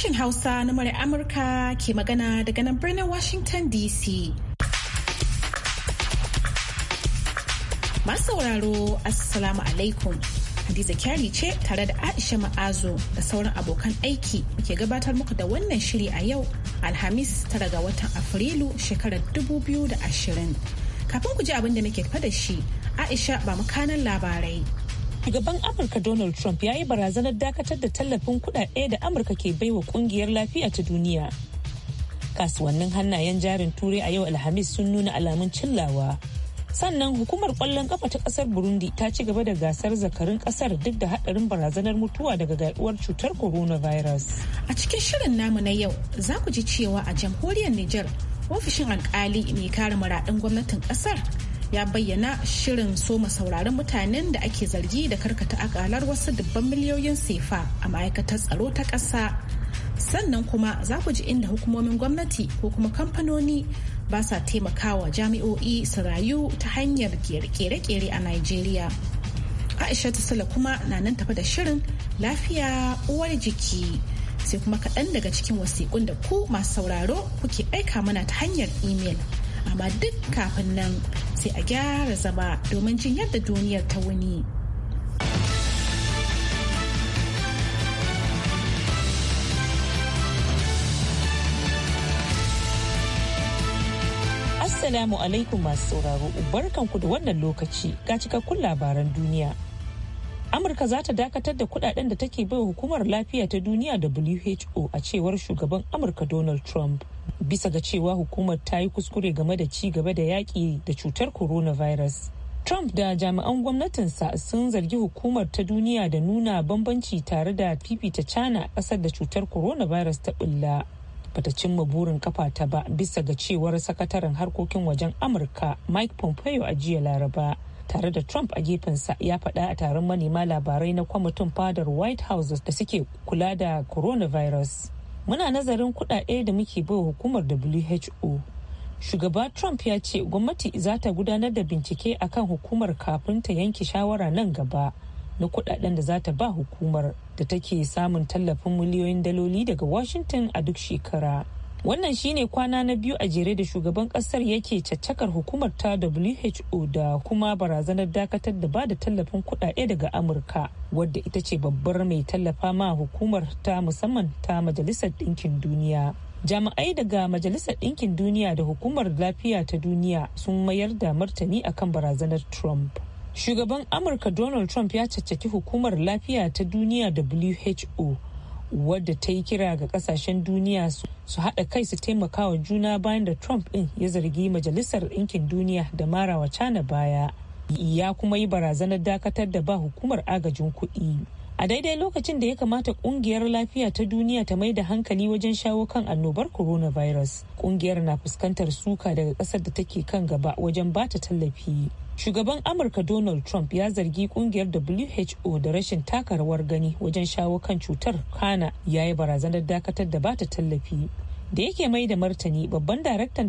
Sashen Hausa na murya Amurka ke magana daga nan birnin Washington DC. Masu sauraro Assalamu alaikum. Hadiza Kyari ce tare da Aisha Ma'azo da sauran abokan aiki ke gabatar muku da wannan shiri a yau Alhamis tara ga watan Afrilu shekarar 2020. Kafin ku ji abin da muke da shi, Aisha ba mu kanan labarai. Shugaban Amurka Donald Trump ya yi barazanar dakatar da tallafin kudade da Amurka ke baiwa kungiyar lafiya ta duniya. Kasuwannin hannayen jarin turai a yau Alhamis sun nuna alamun cillawa. Sannan hukumar kwallon kafa ta kasar Burundi ta ci gaba da gasar zakarin kasar duk da hadarin barazanar mutuwa daga gaduwar cutar coronavirus. A cikin shirin namu na yau za ku ji cewa a jamhuriyar Nijar ofishin alkali mai kare muradun gwamnatin kasar ya bayyana shirin soma sauraron mutanen da ake zargi da karkata akalar wasu dubban miliyoyin sefa a ma'aikatar tsaro ta ƙasa sannan kuma za ku ji inda hukumomin gwamnati ko kuma kamfanoni ba sa taimakawa jami'o'i su rayu ta hanyar kere-kere a Najeriya. Aisha sale kuma na nan tafi da shirin lafiya uwar jiki sai kuma kaɗan daga cikin wasiƙun da ku masu sauraro kuke aika mana ta hanyar imel. amma duk kafin nan sai a gyara zama domin jin yadda duniyar ta wuni. Assalamu alaikum masu sauraro barkanku da wannan lokaci ga cikakkun labaran duniya. Amurka za ta dakatar da kudaden da take bai hukumar lafiya ta duniya WHO a cewar shugaban Amurka Donald Trump. bisa ga cewa hukumar ta yi kuskure game da ci gaba da yaƙi da cutar coronavirus. Trump da jami'an gwamnatinsa sun zargi hukumar ta duniya da nuna bambanci tare da fifita China ƙasar da cutar coronavirus ta bulla. Bata cimma burin kafa ta ba bisa ga cewar sakataren harkokin wajen Amurka Mike Pompeo a jiya Laraba. tare da Trump a gefensa ya faɗa a taron manema labarai na kwamitin fadar White House da suke kula da coronavirus. muna nazarin kudade da muke bai hukumar who shugaba trump ya ce gwamnati za ta gudanar da bincike akan hukumar kafin ta yanke shawara nan gaba na kudaden da za ta ba hukumar da take samun tallafin miliyoyin daloli daga washington a duk shekara wannan shine kwana na biyu a jere da shugaban kasar yake caccakar hukumar ta who da kuma barazanar dakatar da ba da tallafin kudade daga amurka wadda ita ce babbar mai tallafa ma hukumar ta musamman ta majalisar ɗinkin duniya jami'ai daga majalisar ɗinkin duniya da hukumar lafiya ta duniya sun mayar da martani akan barazanar trump shugaban amurka donald trump ya caccaki hukumar lafiya ta duniya who wadda ta yi kira ga kasashen duniya su haɗa kai su taimaka wa juna bayan da trump ɗin ya zargi majalisar ɗinkin duniya da marawa cana baya ya kuma yi barazanar dakatar da ba hukumar agajin kuɗi a daidai lokacin da ya kamata kungiyar lafiya ta duniya ta mai da hankali wajen shawo kan annobar coronavirus kungiyar na fuskantar suka daga kasar da take kan gaba wajen bata tallafi shugaban amurka donald trump ya zargi kungiyar who da rashin taka rawar gani wajen shawo kan cutar kana ya yi barazanar dakatar da bata tallafi da yake mai da martani babban daraktan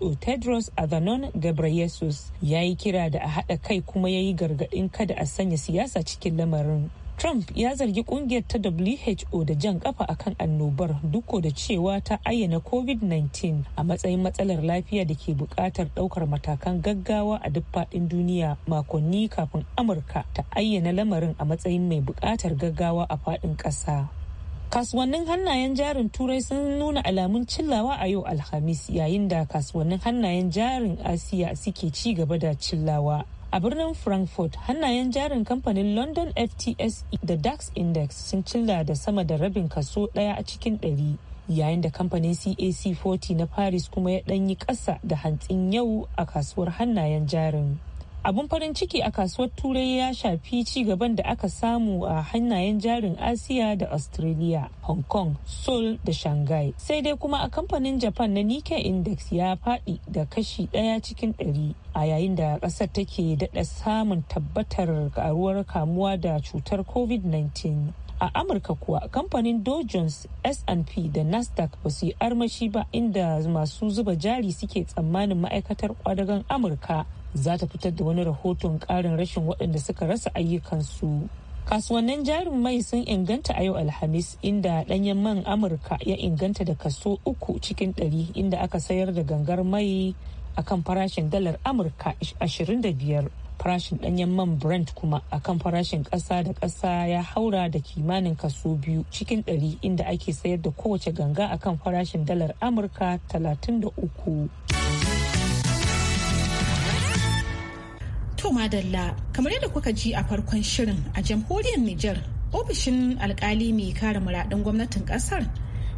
who tedros adhanom ghebreyesus ya yi kira da a haɗa kai kuma ya yi gargaɗin kada a sanya siyasa cikin lamarin Trump ya zargi kungiyar ta WHO da jan kafa akan annobar duk da cewa ta ayyana COVID-19 a matsayin matsalar lafiya da ke buƙatar ɗaukar matakan gaggawa a duk faɗin duniya makonni kafin Amurka ta ayyana lamarin a matsayin mai buƙatar gaggawa a faɗin ƙasa. kasuwannin hannayen jarin turai sun nuna alamun cillawa a yau alhamis yayin da kasuwannin hannayen jarin asiya suke ci gaba da cillawa a birnin frankfurt hannayen jarin kamfanin london ftse da dax index sun cilla da sama da rabin kaso daya a cikin ɗari yayin da kamfanin cac 40 na paris kuma ya ɗanyi ƙasa da hantsin yau a kasuwar hannayen jarin abun farin ciki a kasuwar turai ya shafi ci gaban da aka samu a hannayen jarin asiya da australia hong kong seoul da shanghai sai dai kuma a kamfanin japan na nikkei index ya faɗi da kashi ɗaya cikin ɗari a yayin da ƙasar take daɗa samun tabbatar karuwar kamuwa da cutar covid-19 a amurka kuwa kamfanin dow jones s&p da nasdaq ba su yi armashi ba inda masu zuba jari suke tsammanin ma'aikatar kwadagon amurka za ta fitar da wani rahoton ƙarin rashin waɗanda suka rasa ayyukansu. Kasuwannin jarin mai sun inganta a yau Alhamis inda ɗanyen man Amurka ya inganta da kaso uku cikin ɗari inda aka sayar da gangar mai akan farashin dalar Amurka 25. Farashin ɗanyen man Brent kuma akan farashin ƙasa da ƙasa ya haura da kimanin kaso biyu cikin ɗari inda ake sayar da kowace ganga akan farashin dalar Amurka 33. To madalla kamar yadda kuka ji a farkon shirin a jamhuriyar Nijar ofishin alkali mai kare muradun gwamnatin kasar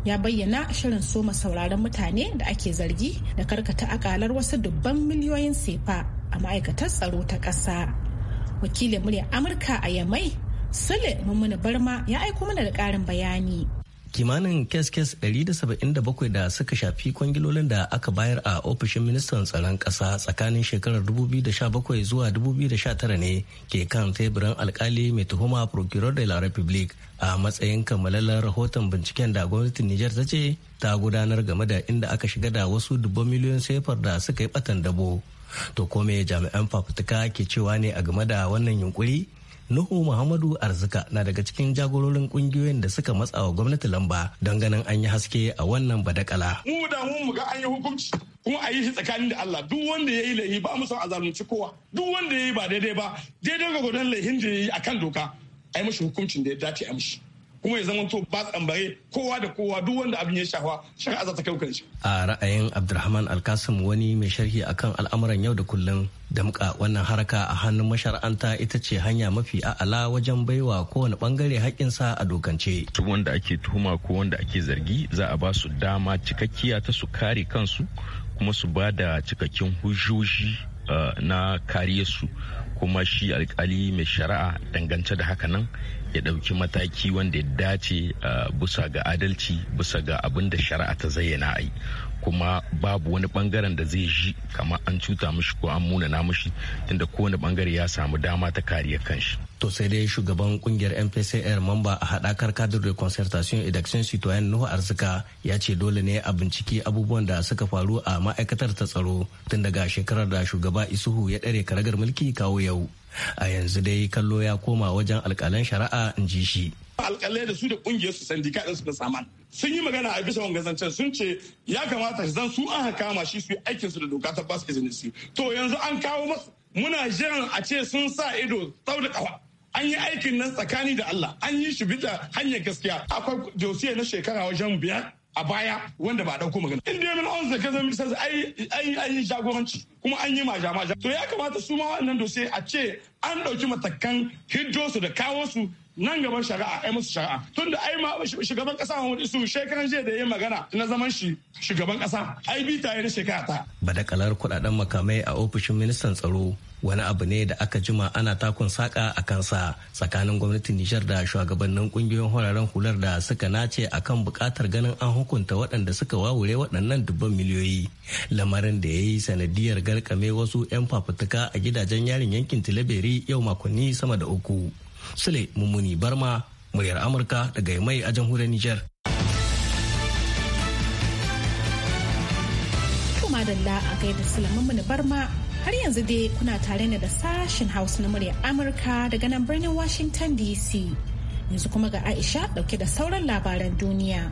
ya bayyana shirin soma sauraron mutane da ake zargi da karkata akalar wasu dubban miliyoyin sefa a ma'aikatar tsaro ta ƙasa. Wakilin murya Amurka a Yamai, Sule Mummuna Barma ya aiko mana da ƙarin bayani. kimanin kes-kes 177 da suka shafi kwangilolin da aka bayar a ofishin ministan tsaron ƙasa tsakanin shekarar 2017 zuwa 2019 ne ke kan teburin alkali mai tuhuma procureur de la republique a matsayin kammalallen rahoton binciken da gwamnatin niger ta ce ta gudanar game da inda aka shiga da wasu dubban miliyon sefar da suka yi batan dabo to kome jami'an fafutuka ke cewa ne a game da wannan yunkuri Nuhu Muhammadu Arzika na daga cikin jagororin kungiyoyin da suka matsa wa gwamnati lamba don ganin an yi haske a wannan badakala. Mu da mu ga an yi hukunci kuma a yi shi tsakanin da Allah duk wanda ya yi laifi ba mu son a zalunci kowa duk wanda ya yi ba daidai ba daidai ga gudan laifin da ya yi akan doka a yi mashi hukuncin da ya dace a mashi. kuma ya zama to ba tsambare kowa da kowa duk wanda abin ya shafa shari'a za ta kai kanshi. a ra'ayin abdulrahman alkasim wani mai sharhi akan al'amuran yau da kullum muka wannan haraka a hannun mashar'anta ita ce hanya mafi a'ala wajen baiwa kowane bangare haƙƙinsa a dokance. duk wanda ake tuhuma ko wanda ake zargi za a ba su dama cikakkiya ta su kare kansu kuma su ba da cikakkin hujjoji eh, na kariyarsu kuma shi alkali mai shari'a dangance da haka nan ya ɗauki mataki wanda ya dace uh, bisa ga adalci bisa ga abin da shari'a ta zayyana a yi kuma babu wani bangaren da zai ji kamar an cuta mushi ko an muna na mushi inda kowane bangare ya samu dama ta kariya kanshi. To sai dai shugaban kungiyar MPCR mamba a haɗakar kadar da concertation edaction citoyen Nuhu Arzika ya ce dole ne a binciki abubuwan da suka faru a ma'aikatar ta tsaro tun daga shekarar da shugaba Isuhu ya ɗare karagar mulki kawo yau. a yanzu dai kallo ya koma wajen alkalan shari'a in ji shi alkalai da su da kungiyar su sandika din su da saman sun yi magana a bisa zancen sun ce ya kamata zan su an kama shi su yi aikinsu da doka ta basu izinin su to yanzu an kawo masu muna jiran a ce sun sa ido tsau da kafa an yi aikin nan tsakani da Allah an yi shi bita hanyar gaskiya akwai josiya na shekara wajen biyar a baya wanda ba dauko ɗauko magana. In dai mana da ka zama sai ai ai jagoranci kuma an yi jama'a. To ya kamata su ma wannan dose a ce an ɗauki matakan hiddo da kawo su nan gaban shari'a ai musu shari'a tun da ai shugaban kasa wani su shekaran jiya da ya magana na zaman shi shugaban kasa ai bi ta na shekara ta. Badakalar kuɗaɗen makamai a ofishin ministan tsaro wani abu ne da aka jima ana takun saka a kansa tsakanin gwamnatin Nijar da shugabannin kungiyoyin hularen hular da suka nace a kan bukatar ganin an hukunta waɗanda suka wawure waɗannan dubban miliyoyi lamarin da ya yi sanadiyar garkame wasu 'yan fafutuka a gidajen yarin yankin Tilaberi yau makonni sama da uku. Sule Mummuni Barma, muryar Amurka daga mai a jamhuriyar Nijar. madalla a gaida sulamanmu na barma Har yanzu dai kuna tare ne da sashen Hausa na murya Amurka daga nan birnin Washington DC. Yanzu kuma ga Aisha dauke da sauran labaran duniya.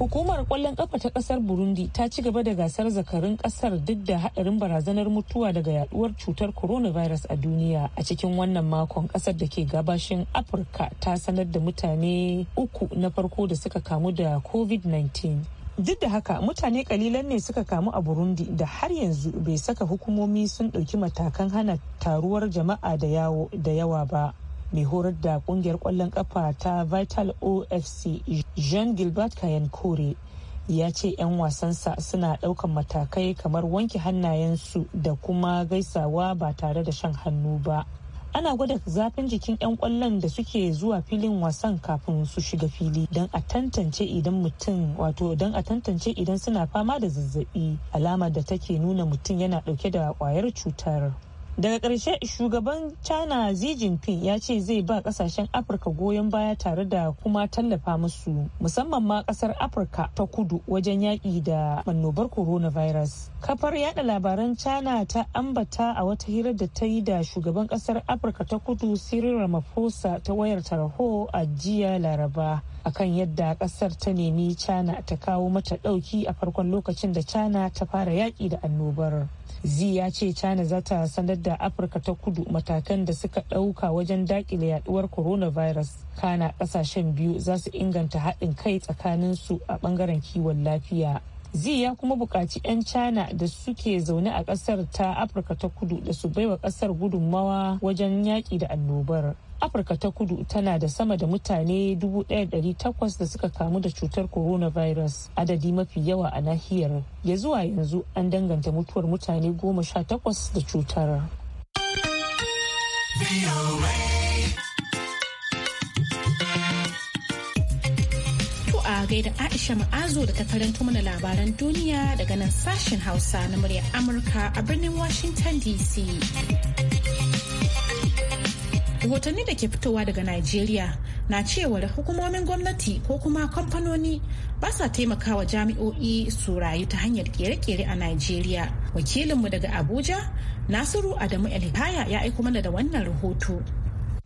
Hukumar kwallon kafa ta kasar Burundi ta ci gaba da gasar zakarun kasar duk da hadarin barazanar mutuwa daga yaduwar cutar coronavirus a duniya. A cikin wannan makon kasar da ke gabashin Afirka ta sanar da mutane uku na farko da suka kamu da COVID-19. duk da haka mutane kalilan ne suka kamu a burundi da har yanzu bai saka hukumomi sun ɗauki matakan hana taruwar jama'a da yawo da yawa ba mai horar da kungiyar kwallon kafa ta vital ofc jean gilbert kayan kore ya ce 'yan wasansa suna ɗaukan matakai kamar wanke hannayensu da kuma gaisawa ba tare da shan hannu ba ana gwada zafin jikin 'yan kwallon da suke zuwa filin wasan kafin su shiga fili don a tantance idan mutum wato don a tantance idan suna fama da zazzabi alama da take nuna mutum yana dauke da kwayar cutar daga ƙarshe shugaban china xi jinping ya ce zai ba kasashen afirka goyon baya tare da kuma tallafa musu musamman ma kasar afirka ta kudu wajen yaƙi da annobar coronavirus kafar yada labaran china ta ambata a wata hira da ta yi da shugaban kasar afirka ta kudu cyril ramaphosa ta wayar tarho a jiya laraba akan yadda kasar ta nemi china ta kawo mata dauki a farkon lokacin da china ta fara yaki da annobar zi ya ce china za ta sanar da afirka ta kudu matakan da suka dauka wajen dakile yaduwar coronavirus kana kasashen biyu za su inganta haɗin kai tsakanin su a ɓangaren kiwon lafiya zi ya kuma bukaci 'yan china da suke zaune a kasar ta afirka ta kudu da su baiwa kasar gudunmawa wajen yaƙi da annobar afirka ta kudu tana da sama da mutane 1,800 da suka kamu da cutar coronavirus adadi mafi yawa a nahiyar ya zuwa yanzu an danganta mutuwar mutane 18 da cutar. a gaida Aisha Ma'azu da ta karanto mana labaran duniya daga nan sashen Hausa na muryar Amurka a birnin Washington DC. Rahotanni da ke fitowa daga Najeriya na cewar hukumomin gwamnati ko kuma kamfanoni ba sa taimakawa jami'o'i su rayu ta hanyar kere-kere a Najeriya. Wakilinmu daga Abuja, Nasiru Adamu Elhaya ya aiko mana da wannan rahoto.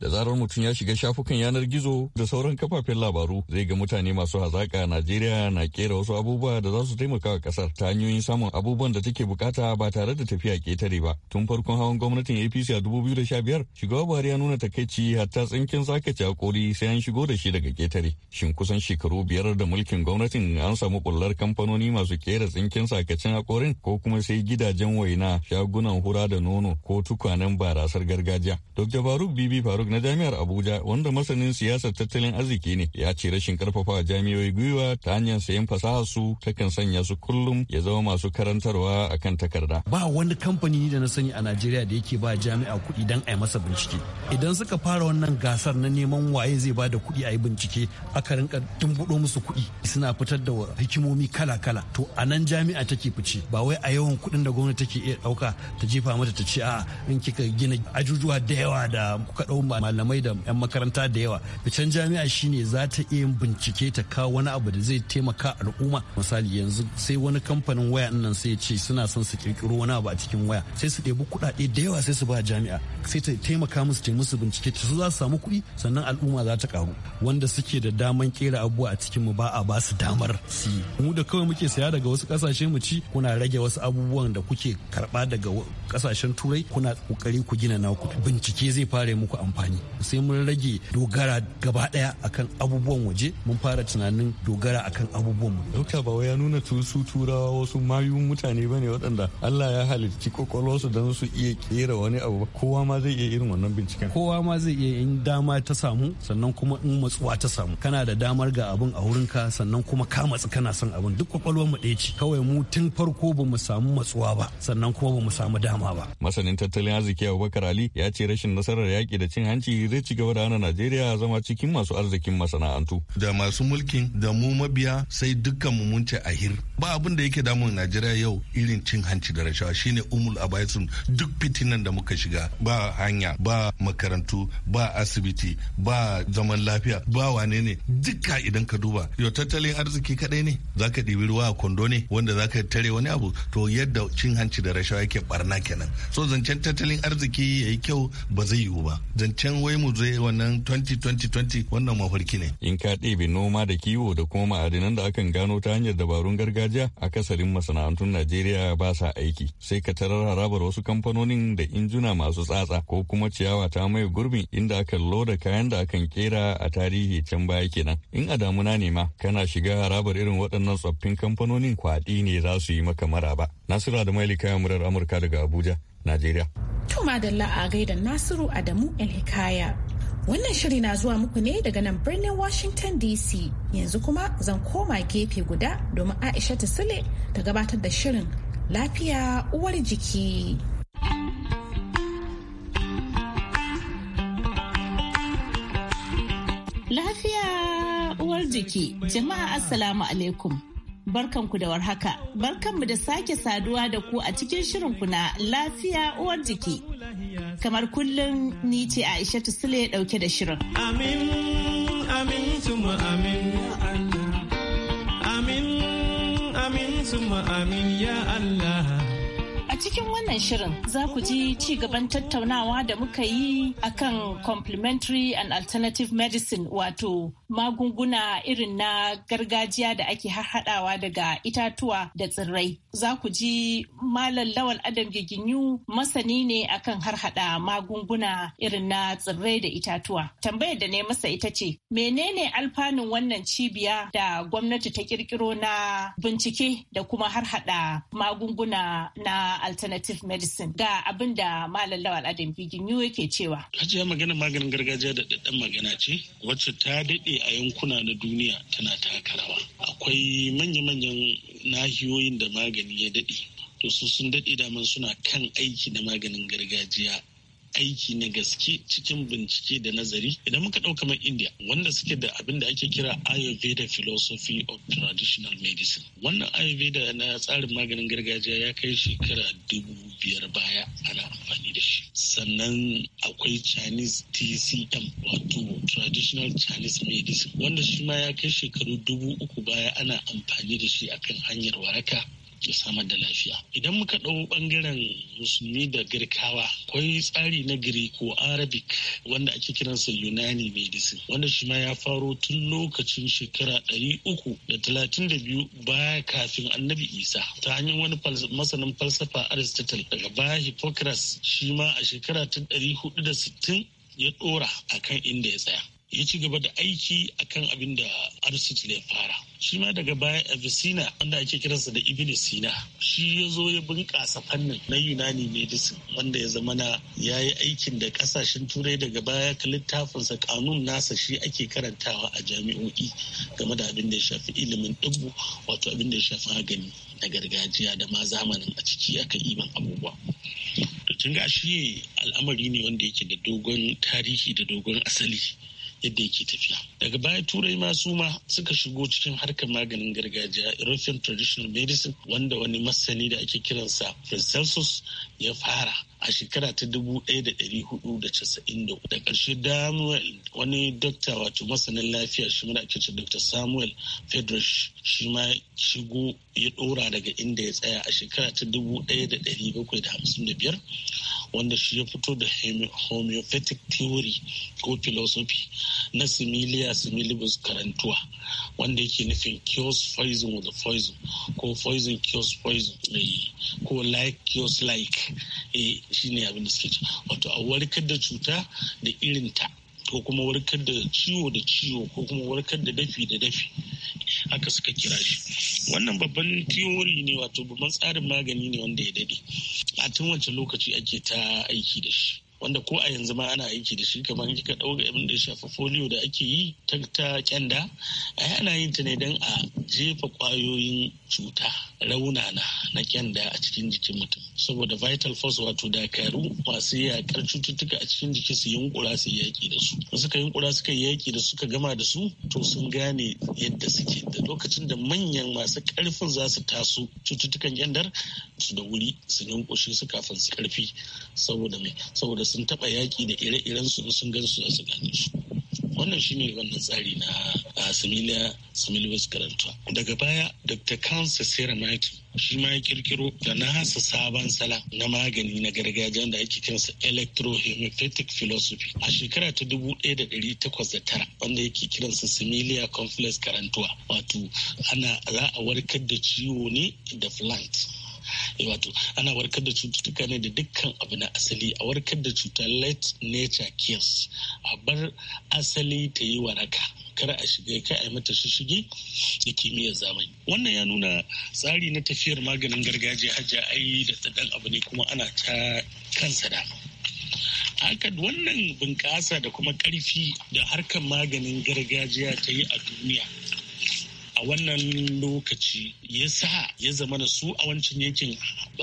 da zarar mutum ya shiga shafukan yanar gizo da sauran kafafen labaru zai ga mutane masu hazaƙa. najeriya na kera wasu abubuwa da za su taimaka wa kasar ta hanyoyin samun abubuwan da take bukata ba tare da tafiya ketare ba tun farkon hawan gwamnatin apc a 2015 shugaba buhari ya nuna takaici hatta tsinkin zakaci a koli sai an shigo da shi daga ketare shin kusan shekaru biyar da mulkin gwamnatin an samu bullar kamfanoni masu kera tsinkin sakacin a ko kuma sai gidajen waina shagunan hura da nono ko tukwanen barasar gargajiya dr faruk bibi faruk na Jami'ar Abuja wanda masanin siyasar tattalin arziki ne ya ce rashin karfafa jami'oi gwiwa ta hanyar sayan fasaha su takan sanya su kullum ya zama masu karantarwa akan takarda. Ba wani kamfani da na sani a Najeriya da yake ba jami'a kuɗi dan a yi masa bincike. Idan suka fara wannan gasar na neman waye zai ba da kuɗi a yi bincike aka rinka tumbuɗo musu kuɗi suna fitar da hikimomi kala-kala to a nan jami'a take fice ba wai a yawan kuɗin da gwamnati ke iya ɗauka ta jefa mata ta ce a in kika gina ajujuwa da yawa da kuka ɗau malamai da 'yan makaranta da yawa can jami'a shine za ta iya bincike ta kawo wani abu da zai taimaka al'umma misali yanzu sai wani kamfanin waya nan sai ce suna son su kirkiro wani abu a cikin waya sai su ɗebi kuɗaɗe da yawa sai su ba jami'a sai ta taimaka musu ta musu bincike ta su za su samu kuɗi sannan al'umma za ta karu wanda suke da daman kera abubuwa a cikin mu ba a ba su damar su mu da kawai muke saya daga wasu kasashe mu ci kuna rage wasu abubuwan da kuke karɓa daga kasashen turai kuna kokari ku gina naku bincike zai fare muku amfani amfani sai mun rage dogara gaba daya akan abubuwan waje mun fara tunanin dogara akan abubuwan mu dokta ba ya nuna su turawa wasu mayun mutane bane waɗanda Allah ya halicci kokolosu dan su iya kera wani abu kowa ma zai iya irin wannan binciken kowa ma zai iya in dama ta samu sannan kuma in matsuwa ta samu kana da damar ga abun a wurin ka sannan kuma ka matsu kana son abun duk kwakwalwar mu ɗaya ce kawai mu tun farko bamu mu samu matsuwa ba sannan kuma ba mu samu dama ba masanin tattalin arziki Abubakar Ali ya ce rashin nasarar yaki da cin hanci hanci zai ci gaba da hana Najeriya zama cikin masu arzikin masana'antu. Da masu mulkin da mu mabiya sai dukkan mu mun ce ahir. Ba abin da yake damun Najeriya yau irin cin hanci da rashawa shine umul abaisun duk fitinan da muka shiga ba hanya ba makarantu ba asibiti ba zaman lafiya ba wane ne duka idan ka duba yau tattalin arziki kadai ne zaka ɗibi ruwa a kwando ne wanda zaka tare wani abu to yadda cin hanci da rashawa yake barna kenan so zancen tattalin arziki ya yi kyau ba zai yiwu ba zancen can wai mu je wannan 2020 wannan mafarki ne. In ka ɗebe noma da kiwo da kuma ma'adinan da akan gano ta hanyar dabarun gargajiya a kasarin masana'antun Najeriya ba sa aiki sai ka tarar harabar wasu kamfanonin da injuna masu tsatsa ko kuma ciyawa ta mai gurbin inda akan loda kayan da akan kera a tarihi can baya kenan. In a damuna ne ma kana shiga harabar irin waɗannan tsoffin kamfanonin kwaɗi ne za su yi maka maraba. Nasira da kayan murar Amurka daga Abuja, Najeriya. To madalla a gaida Nasiru Adamu El-Hikaya. Wannan shiri na zuwa muku ne daga nan birnin Washington DC. Yanzu kuma zan koma gefe guda domin Aisha ta Sule ta gabatar da shirin lafiya uwar jiki. Lafiya uwar jiki, jama'a Assalamu alaikum. Barkanku da warhaka. Barkanmu da sake saduwa da ku a cikin shirin kuna lafiya uwar jiki. Kamar kullum ni ce Aisha Sule dauke da shirin. Amin, amin, tuma amin ya Allah. Amin, amin, tuma amin ya Allah. cikin wannan shirin za ku ji ci gaban tattaunawa da muka yi akan complementary and alternative medicine wato magunguna irin na gargajiya da ake hadawa daga itatuwa da tsirrai. Za ku ji Malam Lawal Adam Giginyu masani ne akan harhaɗa magunguna irin na tsirrai da itatuwa. Tambayar da ne masa ita ce, menene alfanun wannan cibiya da gwamnati ta kirkiro na bincike da kuma harhaɗa magunguna na alternative medicine ga abin da malam lawal adam yiwu yake cewa hajiya magana maganin gargajiya da daddan magana ce wacce ta daɗe a yankuna na duniya tana takarawa akwai manya-manyan nahiyoyin da magani ya daɗe to su sun daɗe daman suna kan aiki da maganin gargajiya aiki na gaske cikin bincike da nazari idan muka ɗauka mai india wanda suke da abin da ake kira ayurveda philosophy of traditional medicine wannan ayurveda na tsarin maganin gargajiya ya kai shekara dubu biyar baya ana amfani da shi sannan akwai chinese tcm wato traditional chinese medicine wanda shi ma ya kai shekaru dubu uku baya ana amfani da shi akan hanyar waraka ya samar da lafiya idan muka ɗau ɓangaren musulmi da girkawa akwai tsari na ko arabic wanda ake kiransa yunani medicine wanda shi ma ya faro tun lokacin shekara ɗari uku da talatin da biyu baya kafin annabi isa ta hanyar wani masanin falsafa aristotle daga baya hippocrates shi ma a shekara ta ɗari hudu da sittin ya ɗora akan inda ya tsaya ya ci gaba da aiki a kan abin da aristotle ya fara shi ma daga baya avicenna wanda ake kiransa da ibn sina shi ya zo ya bunƙasa fannin na yunani medicine wanda ya zamana ya yi aikin da ƙasashen turai daga baya ka littafinsa kanun nasa shi ake karantawa a jami'o'i game da abin da ya shafi ilimin dubu wato abin da ya shafi magani na gargajiya da ma zamanin a ciki aka iman abubuwa tun ga shi al'amari ne wanda yake da dogon tarihi da dogon asali yadda yake tafiya daga baya turai masu ma suka shigo cikin harkar maganin gargajiya european traditional medicine wanda wani masani da ake kiransa Francesus ya fara a shekara ta ɗaya da ƙarshe Samuel wani dokta wato masanin lafiya shi mana ake ce Dr. Samuel Fedrush shi ma shigo ya ɗora daga inda ya tsaya a shekara ta 1755 wanda shi ya fito da homeopathic theory ko philosophy na similia similibus karantuwa wanda yake nufin cures poison with poison ko poison cures poison eh, ko like cures like eh, shine abin da suke wato a warkar da cuta da irinta ko kuma warkar da ciwo da ciwo ko kuma warkar da dafi da dafi haka suka kira shi wannan babban tiyori ne wato babban tsarin magani ne wanda ya dade a tun wancan lokaci ake ta aiki da shi wanda ko a yanzu ma ana aiki da shi kamar kika ɗauka abin da ya shafi folio da ake yi ta kyanda ai ana yin ta ne don a jefa kwayoyin cuta rauna na na kyanda a cikin jikin mutum saboda vital force wato dakaru masu yakar cututtuka a cikin jiki su yunkura su yaki da su suka yunkura suka yaki da suka gama da su to sun gane yadda suke da lokacin da manyan masu karfin za su taso cututtukan kyandar su da wuri su yunkushe su kafin su karfi saboda mai saboda sun taba yaki da ire-iren su sun gan su za su gane su wannan shine wannan tsari na similia similis karantuwa daga baya dr kansa Maki shi ma ya kirkiro da na hasa sabon sala na magani na gargajiya da ake kiransa electrohemophatic philosophy a shekara ta 1809 wanda yake kiransa similia complex karantuwa wato ana za a warkar da ciwo ne da plant wato ana warkar da cututtuka ne da dukkan abu na asali a warkar da cutar let nature kills a bar asali ta yi waraka kar a shiga kai a mata shishige da kimiyyar zamani wannan ya nuna tsari na tafiyar maganin gargajiya hajja ai da tsadan abu ne kuma ana ta kansa da haka wannan bunƙasa da kuma ƙarfi da harkar maganin gargajiya ta yi a duniya a wannan lokaci ya sa ya zama da su a wancan yankin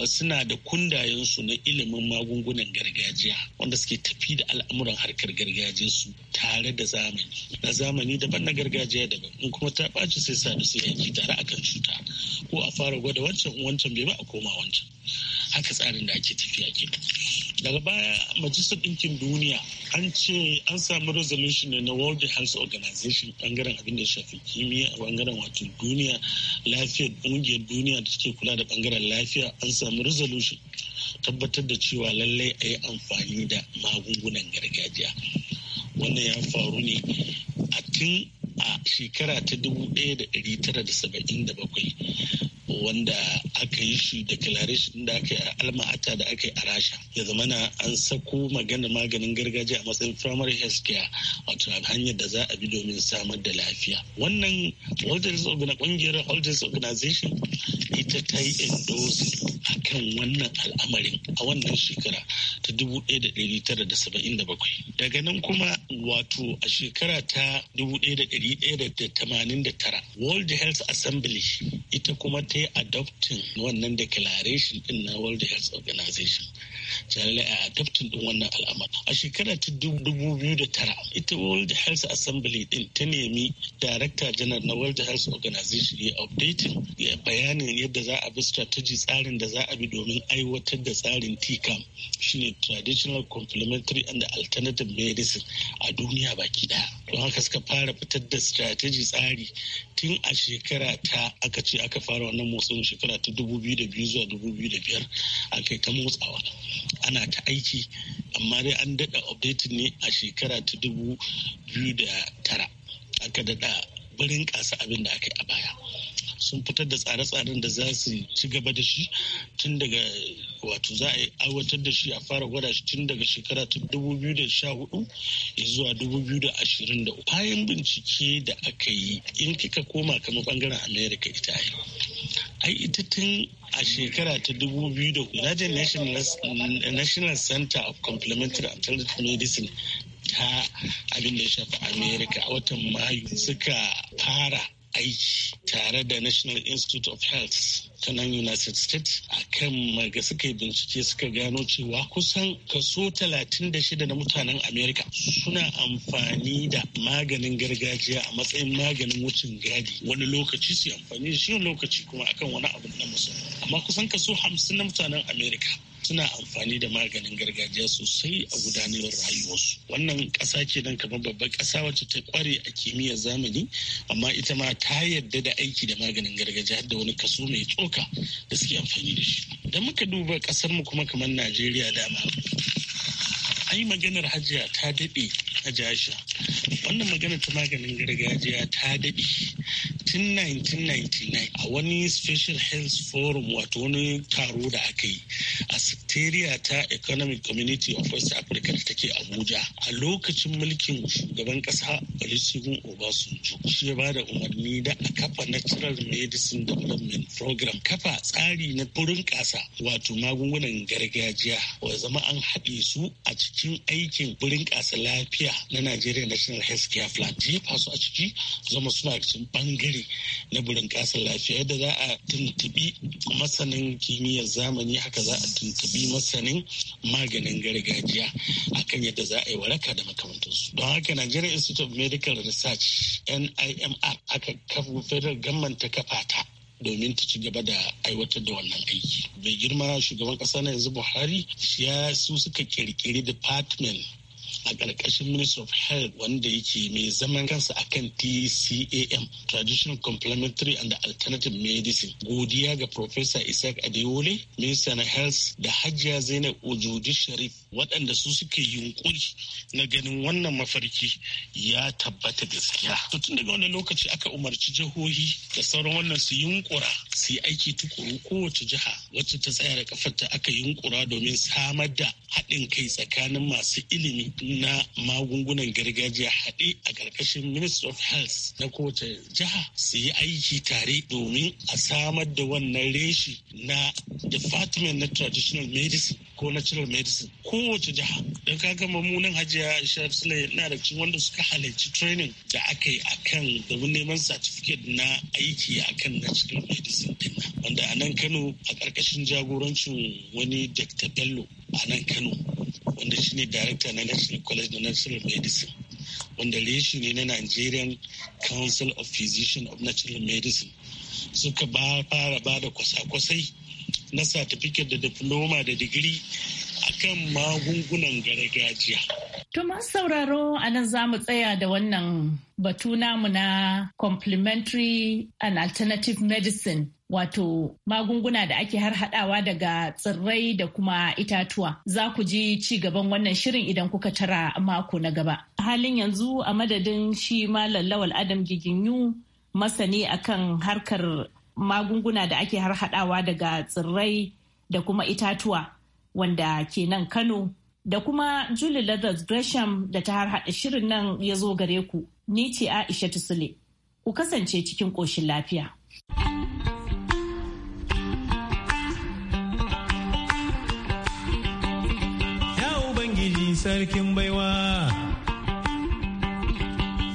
suna da kundayensu na ilimin magungunan gargajiya wanda suke tafi da al'amuran harkar gargajiyarsu tare da zamani na zamani daban na gargajiya daban in kuma ta ɓaci sai sa da sai yanki tare akan cuta ko a fara gwada wancan wancan bai ba a koma wancan haka tsarin da ake tafiya ke daga baya majalisar ɗinkin duniya an ce an samu resolution ne na world health organization bangaren abin da ya shafi kimiyya a bangaren wato duniya lafiyar ƙungiyar duniya da take kula da bangaren lafiya an samu resolution tabbatar da cewa lallai a yi amfani da magungunan gargajiya wannan ya faru ne a tun a shekara ta 1977 wanda aka yi shi da declaration da aka yi alma'ata da aka yi a rasha ya zamana an sako magana maganin gargajiya a matsayin firamare health care wato hanyar da za a bi domin samar da lafiya wannan world health kungiyar world health organization ita ta yi endorsing a kan wannan al'amarin a wannan shekara ta 1977 daga nan kuma wato a shekara ta 1989 world health assembly ita kuma ta ta yi adoptin wannan declaration din na World Health Organization. Jalala a adoptin din wannan al'amar. A shekara ta dubu biyu da tara ita World Health Assembly din ta nemi Director General na World Health Organization ya updating ya bayanin yadda za a bi strategy tsarin da za a bi domin aiwatar da tsarin TCAM shine traditional complementary and alternative medicine a duniya baki daya. Don haka suka fara fitar da strategy tsari tun a shekara ta aka ce aka fara wannan wannan motsin shekara ta dubu biyu da biyu zuwa dubu biyu da biyar a kai ta motsawa ana ta aiki amma dai an dada update ne a shekara ta dubu biyu da tara aka daɗa barin ƙasa abin da aka yi a baya sun fitar da tsare-tsaren da za su ci gaba da shi tun daga wato za a yi aiwatar da shi a fara gwada shi tun daga shekara ta 2014 zuwa 2023 bayan bincike da aka yi in kika koma kamar bangaren america ita yau ai ita tun a shekara ta dubu biyu da Naje National Center of Complementary Alternative Medicine ta abin da ya shafi America a watan Mayu suka fara aiki tare da National Institute of Health ta nan United States a kan maga suka yi bincike suka gano cewa kusan kaso 36 na mutanen Amerika suna amfani da maganin gargajiya a matsayin maganin wucin gadi wani lokaci su amfani da shi lokaci kuma akan wani abu na musamman amma kusan kaso 50 na mutanen Amerika suna amfani da maganin gargajiya sosai a gudanar rayuwarsu wannan ƙasa ce nan kamar babbar ƙasa wacce ta kware a kimiyyar zamani amma ita ma ta yadda da aiki da maganin gargajiya da wani kaso mai tsoka da suke amfani da shi Da muka duba mu kuma kamar najeriya dama ai maganar hajiya ta daɗe a jasha wannan maganar ta maganin gargajiya ta daɗe tun 1999 a wani special health forum wato wani taro da aka yi najeriya ta economic community of west africa da take abuja a lokacin mulkin shugaban kasa olusegun obasanjo shi ya bada umarni da a kafa natural medicine development program kafa tsari na burin kasa wato magungunan gargajiya wa zama an haɗe su a cikin aikin burin kasa lafiya na nigeria national health care plan jefa su a ciki zama suna cikin bangare na burin kasa lafiya yadda za a tuntubi masanin kimiyyar zamani haka za a tuntubi masanin maganin gargajiya akan yadda za a yi waraka da makamantansu don haka nigerian institute of medical research nimr aka kafa federal gamman ta kafa ta domin ta ci gaba da aiwatar da wannan aiki. Mai girma shugaban ƙasa na yanzu Buhari ya su suka kirkiri department a ƙarƙashin ministry of health wanda yake mai zaman kansa a kan tcam traditional complementary and alternative medicine godiya ga professor isaac adewole minister na health da hajiya zainab ojoji sharif waɗanda su suke yunkuri na ganin wannan mafarki ya tabbata gaskiya to tun daga wani lokaci aka umarci jihohi da sauran wannan su yunƙura su yi aiki tukuru kowace jiha wacce ta tsaya da kafarta aka yunkura domin samar da haɗin kai tsakanin masu ilimi na magungunan gargajiya haɗe a ƙarƙashin ministry of health na kowace jiha su yi aiki tare domin a samar da wannan reshi na department na traditional medicine ko natural medicine kowace jiha don ka kaga munan hajiya sharif sule na da cikin wanda suka halarci training da aka yi akan domin neman certificate na aiki akan natural medicine din wanda a nan kano a ƙarƙashin jagorancin wani dr bello a nan kano wanda shi ne director na national college na natural medicine wanda reshi ne na nigerian council of Physicians of natural medicine suka ba fara ba da kwasa-kwasai na certificate da diploma da digiri akan magungunan gargajiya To sauraro a nan za mu tsaya da wannan batu namu na complementary and alternative medicine wato magunguna da ake har hadawa daga tsirrai da kuma itatuwa za ku ji ci gaban wannan shirin idan kuka tara mako na gaba halin yanzu a madadin shi malam lawal adam giginyu masani akan harkar magunguna da ake har hadawa daga tsirrai da kuma itatuwa wanda ke nan kano da kuma julie leathers gresham da ta har hada shirin nan ya zo gare ku ni ce aisha tusule ku kasance cikin ƙoshin lafiya. sarkin baiwa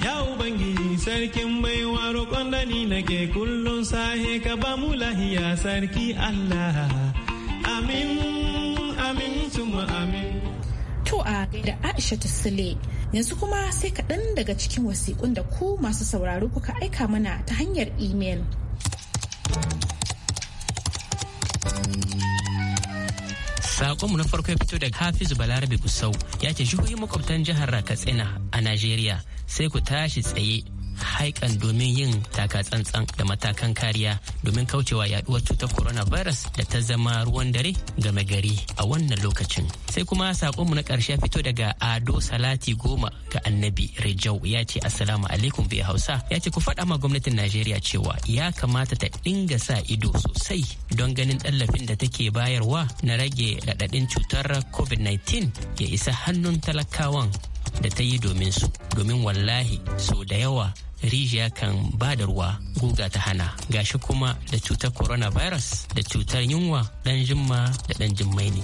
ya ubangiji sarkin baiwa roƙon da ni nake kullum sahe ka ba mu lahiya sarki allah amin amin tuma amin to a da aisha ta sule yanzu kuma sai kaɗan daga cikin wasiƙun da ku masu sauraro kuka aika mana ta hanyar imel. Sakonmu na farko ya fito daga Hafizu Balarabe Kusau ya ce jihohin makwabtan jihar Katsina a Najeriya sai ku tashi tsaye haikan domin yin taka tsantsan da matakan kariya domin kaucewa yaduwar cutar coronavirus da ta zama ruwan dare game gari a wannan lokacin sai kuma sakonmu na ƙarshe fito daga ado salati goma ga annabi rejau ya ce assalamu alaikum bai hausa ya ce ku faɗa ma gwamnatin najeriya cewa ya kamata ta dinga sa ido sosai don ganin tallafin da take bayarwa na rage raɗaɗin cutar covid-19 ya isa hannun talakawan da ta yi domin su domin wallahi so da yawa rijiya kan ba da ruwa guga ta hana gashi kuma da cutar coronavirus da cutar yunwa dan jimma da dan jimmai ne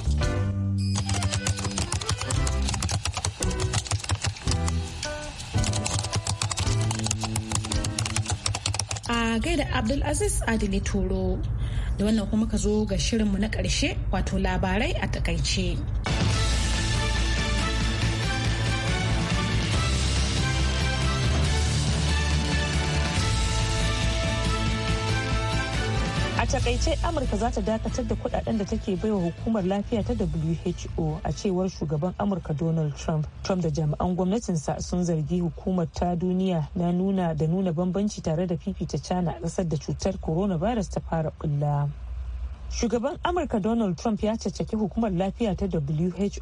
a gaida abdulaziz adini Toro da wannan kuma ka zo ga shirinmu na ƙarshe wato labarai a takaice. A takaice Amurka za ta dakatar da kudaden da take baiwa hukumar lafiya ta WHO a cewar shugaban Amurka Donald Trump. Trump da jami'an gwamnatinsa sun zargi hukumar ta duniya na nuna da nuna bambanci tare da fifita China a ƙasar da cutar coronavirus ta fara bulla. shugaban amurka donald trump ya caccaki hukumar lafiya ta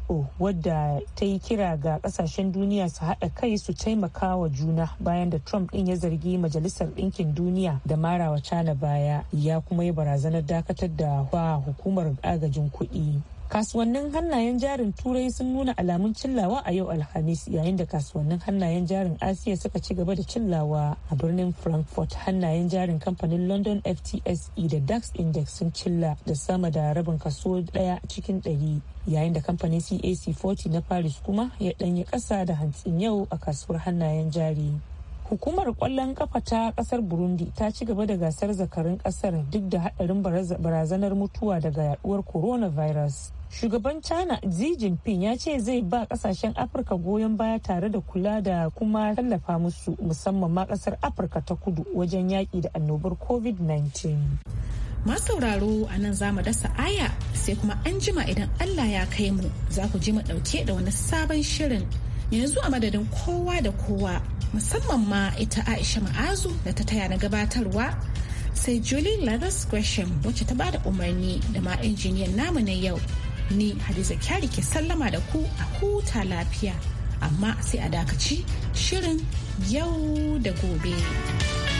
who wadda ta yi kira ga kasashen duniya su haɗa kai su taimaka wa juna bayan da trump ɗin ya zargi majalisar ɗinkin duniya da marawa cana baya ya kuma yi barazanar dakatar da wa hukumar agajin kuɗi kasuwannin hannayen jarin turai sun nuna alamun cillawa a yau alhamis yayin da kasuwannin hannayen jarin asiya suka ci gaba da cillawa a birnin frankfurt hannayen jarin kamfanin london ftse da dax index sun cilla da sama da rabin kaso daya cikin ɗari yayin da kamfanin cac 40 na paris kuma ya ɗanyi ƙasa da hantsin yau a kasuwar hannayen jari hukumar kwallon kafa ta kasar burundi ta ci gaba da gasar zakarin kasar duk da hadarin barazanar mutuwa daga yaduwar coronavirus shugaban china xi jinping ya ce zai ba kasashen afirka goyon baya tare da kula da kuma tallafa musu musamman ma kasar afirka ta kudu wajen yaki da annobar covid-19 sauraro a nan za mu dasa aya sai kuma an jima idan allah ya kai mu za ku ji mu ɗauke da wani sabon shirin yanzu a madadin kowa da kowa musamman ma ita aisha ma'azu da ta taya na gabatarwa sai julie leathers gresham wacce ta bada umarni da ma injiniyan namu na yau ni hadiza kyari ke sallama da ku a huta lafiya amma sai a dakaci shirin yau da gobe.